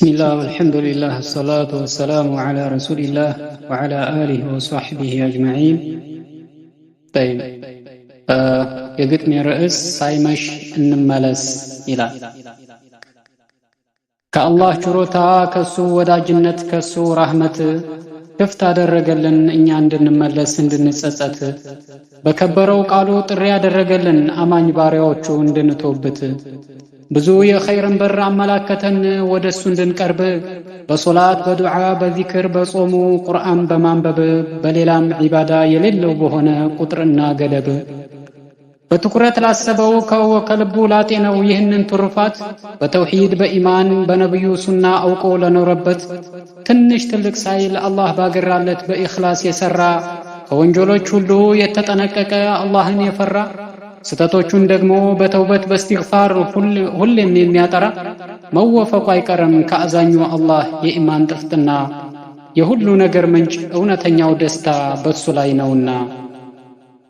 بسم الله والحمد لله الصلاة والسلام على رسول الله وعلى آله وصحبه أجمعين طيب يقول من رئيس سايمش النمالس إلى كالله شروطا كسو ودا جنة كسو رحمة كفتا درقلن إني عند النمالس عند النسسات بكبرو قالو تريا درقلن أمان باريوچو عند ብዙ የኸይርን በር አመላከተን ወደ እሱ እንድንቀርብ በሶላት፣ በዱዓ፣ በዚክር፣ በጾሙ፣ ቁርአን በማንበብ በሌላም ዒባዳ የሌለው በሆነ ቁጥርና ገደብ በትኩረት ላሰበው ከው ከልቡ ላጤነው ይህንን ትሩፋት በተውሒድ በኢማን በነቢዩ ሱና አውቆ ለኖረበት ትንሽ ትልቅ ሳይል አላህ ባገራለት በኢኽላስ የሠራ ከወንጀሎች ሁሉ የተጠነቀቀ አላህን የፈራ ስተቶቹን ደግሞ በተውበት በእስትግፋር ሁሌም የሚያጠራ መወፈቁ አይቀርም ከአዛኙ አላህ የኢማን ጥፍጥና የሁሉ ነገር ምንጭ እውነተኛው ደስታ በእሱ ላይ ነውና።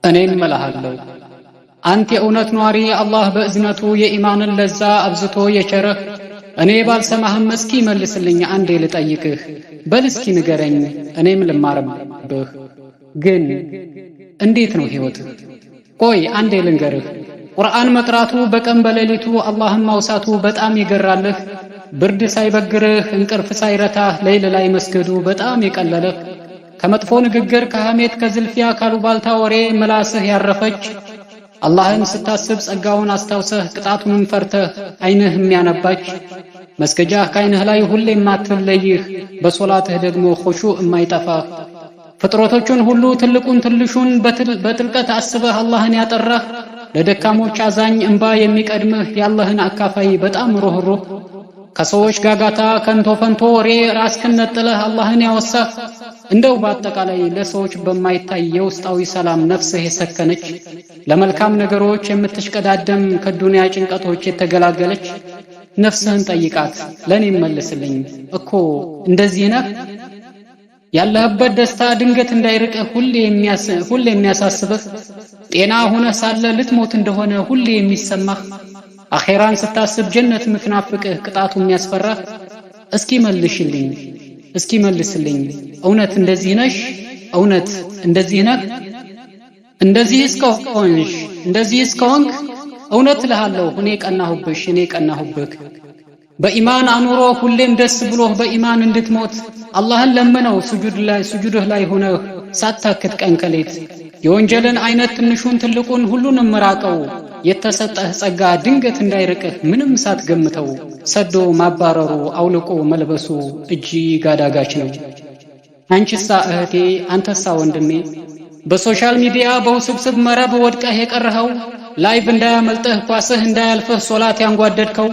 እኔም እልሃለሁ አንተ የእውነት ኗሪ አላህ በእዝነቱ የኢማንን ለዛ አብዝቶ የቸረህ እኔ ባልሰማህም እስኪ መልስልኝ አንዴ ልጠይቅህ፣ በልስኪ ንገረኝ እኔም ልማርብህ። ግን እንዴት ነው ሕይወትህ? ቆይ አንዴ ልንገርህ፣ ቁርአን መቅራቱ በቀን በሌሊቱ አላህን ማውሳቱ በጣም ይገራልህ። ብርድ ሳይበግርህ እንቅልፍ ሳይረታህ ሌይል ላይ መስገዱ በጣም የቀለለህ፣ ከመጥፎ ንግግር ከሐሜት ከዝልፊያ ካሉባልታ ወሬ ምላስህ ያረፈች፣ አላህን ስታስብ ጸጋውን አስታውሰህ ቅጣቱንም ፈርተህ አይንህ የሚያነባች መስገጃህ ከአይንህ ላይ ሁሌ የማትለይህ በሶላትህ ደግሞ ሆሹ የማይጠፋ ፍጥረቶቹን ሁሉ ትልቁን ትልሹን በጥልቀት አስበህ አላህን ያጠራህ ለደካሞች አዛኝ እንባ የሚቀድምህ ያለህን አካፋይ በጣም ሩህሩህ ከሰዎች ጋጋታ ከንቶ ፈንቶ ወሬ ራስክን ነጥለህ አላህን ያወሳህ እንደው በአጠቃላይ ለሰዎች በማይታይ የውስጣዊ ሰላም ነፍስህ የሰከነች ለመልካም ነገሮች የምትሽቀዳደም ከዱንያ ጭንቀቶች የተገላገለች ነፍስህን ጠይቃት፣ ለእኔም መልስልኝ እኮ እንደዚህ ነህ ያለህበት ደስታ ድንገት እንዳይርቀ ሁሌ የሚያሳስብህ ጤና ሆነ ሳለ ልትሞት እንደሆነ ሁሌ የሚሰማህ አኼራን ስታስብ ጀነት ምትናፍቅህ ቅጣቱ የሚያስፈራህ እስኪ መልሽልኝ እስኪ መልስልኝ እውነት እንደዚህ ነሽ እውነት እንደዚህ ነህ እንደዚህ እስከሆንሽ እንደዚህ እስከሆንክ እውነት እልሃለሁ እኔ ቀናሁብሽ እኔ ቀናሁብህ በኢማን አኑሮ ሁሌም ደስ ብሎህ በኢማን እንድትሞት አላህን ለምነው ስጁድህ ላይ ሆነህ ሳታክት ቀን የወንጀልን አይነት ትንሹን ትልቁን ሁሉንም ራቀው። የተሰጠህ ጸጋ ድንገት እንዳይርቅህ ምንም ሳትገምተው ሰዶ ማባረሩ አውልቆ መልበሱ እጅግ አዳጋች ነው። አንቺሳ እህቴ፣ አንተሳ ወንድሜ በሶሻል ሚዲያ በውስብስብ መረብ ወድቀህ የቀረኸው ላይፍ እንዳያመልጠህ፣ ኳስህ እንዳያልፍህ ሶላት ያንጓደድከው፣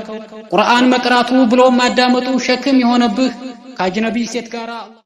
ቁርአን መቅራቱ ብሎም ማዳመጡ ሸክም የሆነብህ ከአጅነቢ ሴት ጋር